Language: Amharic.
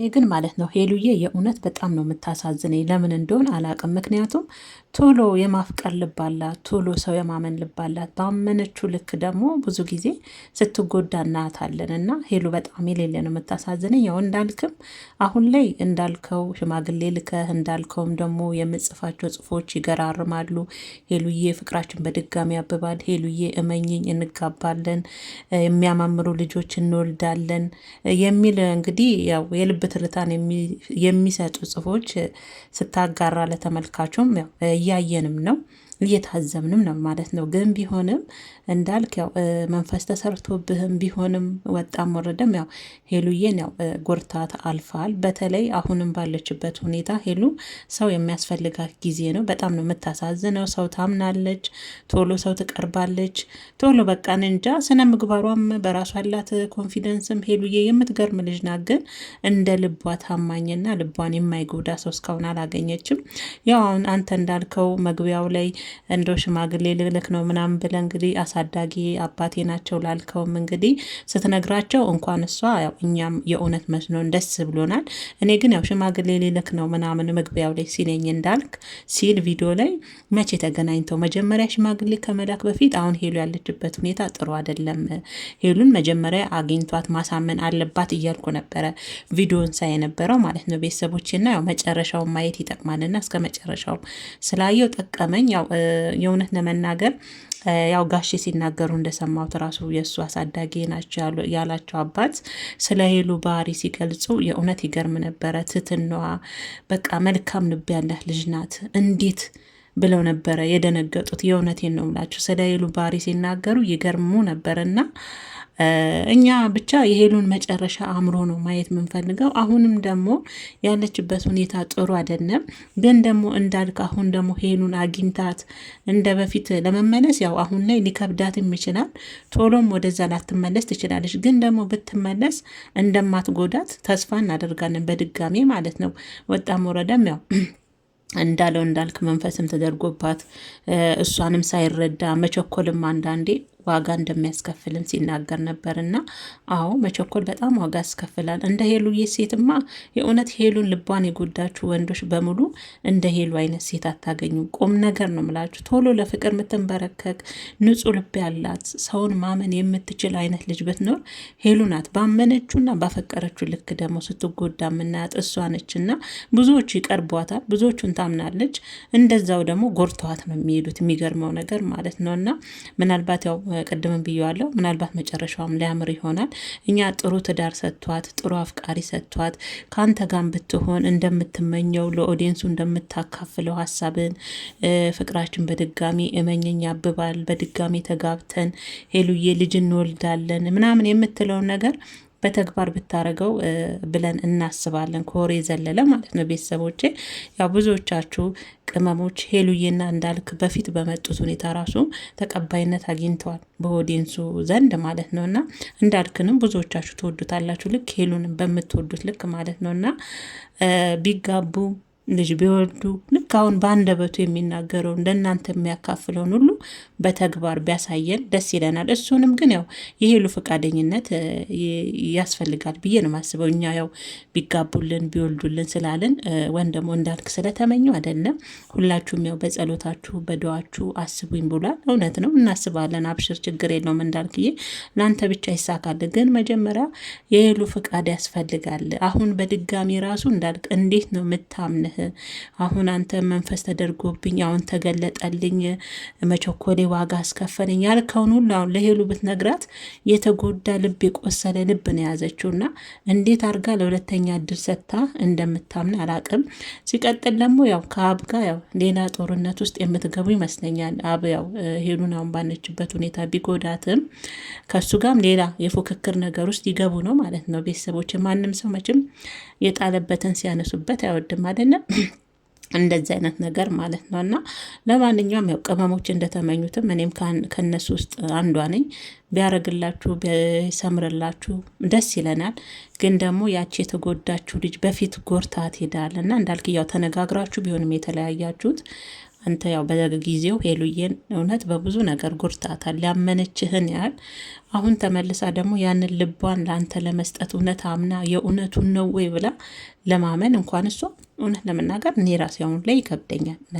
እኔ ግን ማለት ነው ሄሉዬ የእውነት በጣም ነው የምታሳዝነኝ። ለምን እንደሆን አላውቅም። ምክንያቱም ቶሎ የማፍቀር ልባላት፣ ቶሎ ሰው የማመን ልባላት፣ ባመነችው ልክ ደግሞ ብዙ ጊዜ ስትጎዳ እናያታለን። እና ሄሉ በጣም የሌለ ነው የምታሳዝነኝ። ያው እንዳልክም አሁን ላይ እንዳልከው ሽማግሌ ልከህ እንዳልከውም ደግሞ የምጽፋቸው ጽፎች ይገራርማሉ። ሄሉዬ ፍቅራችን በድጋሚ ያብባል፣ ሄሉዬ እመኝኝ፣ እንጋባለን፣ የሚያማምሩ ልጆች እንወልዳለን የሚል እንግዲህ ያው የልብ ትርታን የሚሰጡ ጽሁፎች ስታጋራ ለተመልካቹም እያየንም ነው። እየታዘብንም ነው ማለት ነው። ግን ቢሆንም እንዳልክ ያው መንፈስ ተሰርቶብህም ቢሆንም ወጣም ወረደም ያው ሄሉዬን ያው ጎርታት አልፋል። በተለይ አሁንም ባለችበት ሁኔታ ሄሉ ሰው የሚያስፈልጋት ጊዜ ነው። በጣም ነው የምታሳዝነው። ሰው ታምናለች፣ ቶሎ ሰው ትቀርባለች፣ ቶሎ በቃ እንጃ ስነ ምግባሯም በራሷ ያላት ኮንፊደንስም ሄሉዬ የምትገርም ልጅ ናት። ግን እንደ ልቧ ታማኝና ልቧን የማይጎዳ ሰው እስካሁን አላገኘችም። ያው አንተ እንዳልከው መግቢያው ላይ እንደው ሽማግሌ ልልክ ነው ምናምን ብለ እንግዲህ አሳዳጊ አባቴ ናቸው ላልከውም እንግዲህ ስትነግራቸው እንኳን እሷ እኛም የእውነት መስሎን ደስ ብሎናል። እኔ ግን ያው ሽማግሌ ልልክ ነው ምናምን መግቢያው ላይ ሲለኝ እንዳልክ ሲል ቪዲዮ ላይ መቼ ተገናኝተው መጀመሪያ ሽማግሌ ከመላክ በፊት አሁን ሄሉ ያለችበት ሁኔታ ጥሩ አይደለም። ሄሉን መጀመሪያ አግኝቷት ማሳመን አለባት እያልኩ ነበረ ቪዲዮን ሳይ የነበረው ማለት ነው ቤተሰቦችና ያው መጨረሻውን ማየት ይጠቅማልና እስከ መጨረሻው ስላየው ጠቀመኝ ያው የእውነት ለመናገር ያው ጋሼ ሲናገሩ እንደሰማሁት ራሱ የእሱ አሳዳጊ ናቸው ያላቸው አባት ስለ ሄሉ ባህሪ ሲገልጹ የእውነት ይገርም ነበረ። ትትናዋ በቃ መልካም ልብ ያላት ልጅ ናት። እንዴት ብለው ነበረ የደነገጡት። የእውነቴን ነው ምላችሁ ስለ ሄሉ ባህሪ ሲናገሩ ይገርሙ ነበርና እኛ ብቻ የሄሉን መጨረሻ አእምሮ ነው ማየት የምንፈልገው። አሁንም ደግሞ ያለችበት ሁኔታ ጥሩ አይደለም። ግን ደግሞ እንዳልክ አሁን ደግሞ ሄሉን አግኝታት እንደ በፊት ለመመለስ ያው አሁን ላይ ሊከብዳትም ይችላል። ቶሎም ወደዛ ላትመለስ ትችላለች። ግን ደግሞ ብትመለስ እንደማትጎዳት ተስፋ እናደርጋለን በድጋሜ ማለት ነው። ወጣም ወረደም ያው እንዳለው እንዳልክ መንፈስም ተደርጎባት እሷንም ሳይረዳ መቸኮልም አንዳንዴ ዋጋ እንደሚያስከፍልን ሲናገር ነበር። እና አዎ መቸኮል በጣም ዋጋ ያስከፍላል። እንደ ሄሉ ሴትማ የእውነት ሄሉን ልቧን የጎዳችሁ ወንዶች በሙሉ እንደ ሄሉ አይነት ሴት አታገኙ። ቁም ነገር ነው ምላችሁ። ቶሎ ለፍቅር የምትንበረከክ ንጹሕ ልብ ያላት ሰውን ማመን የምትችል አይነት ልጅ ብትኖር ሄሉ ናት። ባመነችውና ባፈቀረችው ልክ ደግሞ ስትጎዳ የምናያት እሷ ነች። እና ብዙዎቹ ይቀርቧታል፣ ብዙዎቹን ታምናለች። እንደዛው ደግሞ ጎርተዋት ነው የሚሄዱት። የሚገርመው ነገር ማለት ነው እና ምናልባት ያው ቅድምን ብየዋለሁ። ምናልባት መጨረሻውም ሊያምር ይሆናል። እኛ ጥሩ ትዳር ሰጥቷት፣ ጥሩ አፍቃሪ ሰጥቷት፣ ከአንተ ጋር ብትሆን እንደምትመኘው ለኦዲየንሱ እንደምታካፍለው ሀሳብን ፍቅራችን በድጋሚ እመኘኝ ያብባል፣ በድጋሚ ተጋብተን ሄሉዬ ልጅ እንወልዳለን ምናምን የምትለውን ነገር በተግባር ብታደረገው ብለን እናስባለን። ከወሬ ዘለለ ማለት ነው። ቤተሰቦቼ ያው ብዙዎቻችሁ ቅመሞች ሄሉዬና እንዳልክ በፊት በመጡት ሁኔታ ራሱ ተቀባይነት አግኝተዋል በኦዲንሱ ዘንድ ማለት ነው። እና እንዳልክንም ብዙዎቻችሁ ትወዱታላችሁ ልክ ሄሉንም በምትወዱት ልክ ማለት ነው እና ቢጋቡ ልጅ ቢወልዱ ልክ አሁን በአንደበቱ የሚናገረው ለእናንተ የሚያካፍለውን ሁሉ በተግባር ቢያሳየን ደስ ይለናል። እሱንም ግን ያው የሄሉ ፈቃደኝነት ያስፈልጋል ብዬ ነው የማስበው። እኛ ያው ቢጋቡልን ቢወልዱልን ስላልን ወይም ደግሞ እንዳልክ ስለተመኙ አይደለም። ሁላችሁም ያው በጸሎታችሁ በደዋችሁ አስቡኝ ብሏል። እውነት ነው፣ እናስባለን። አብሽር፣ ችግር የለውም እንዳልክዬ፣ ለአንተ ብቻ ይሳካል። ግን መጀመሪያ የሄሉ ፈቃድ ያስፈልጋል። አሁን በድጋሚ ራሱ እንዳልክ እንዴት ነው የምታምንህ አሁን አንተ መንፈስ ተደርጎብኝ አሁን ተገለጠልኝ፣ መቸኮሌ ዋጋ አስከፈለኝ ያልከውን ሁሉ አሁን ለሄሉ ብትነግራት የተጎዳ ልብ የቆሰለ ልብ ነው የያዘችው እና እንዴት አርጋ ለሁለተኛ እድል ሰጥታ እንደምታምን አላቅም። ሲቀጥል ደግሞ ያው ከአብ ጋር ያው ሌላ ጦርነት ውስጥ የምትገቡ ይመስለኛል። አብ ያው ሄሉን አሁን ባነችበት ሁኔታ ቢጎዳትም ከሱ ጋም ሌላ የፉክክር ነገር ውስጥ ይገቡ ነው ማለት ነው። ቤተሰቦች ማንም ሰው መቼም የጣለበትን ሲያነሱበት አይወድም አይደለ? እንደዚህ አይነት ነገር ማለት ነው። እና ለማንኛውም ያው ቅመሞች እንደተመኙትም እኔም ከነሱ ውስጥ አንዷ ነኝ። ቢያረግላችሁ ቢሰምርላችሁ ደስ ይለናል። ግን ደግሞ ያቺ የተጎዳችሁ ልጅ በፊት ጎርታት ሄዳል እና እንዳልክ ያው ተነጋግራችሁ ቢሆንም የተለያያችሁት አንተ ያው በጊዜው ሄሉዬን እውነት በብዙ ነገር ጉርታታል። ሊያመነችህን ያህል አሁን ተመልሳ ደግሞ ያንን ልቧን ለአንተ ለመስጠት እውነት አምና የእውነቱን ነው ወይ ብላ ለማመን እንኳን እሷ እውነት ለመናገር እኔ ራሴ አሁን ላይ ይከብደኛል።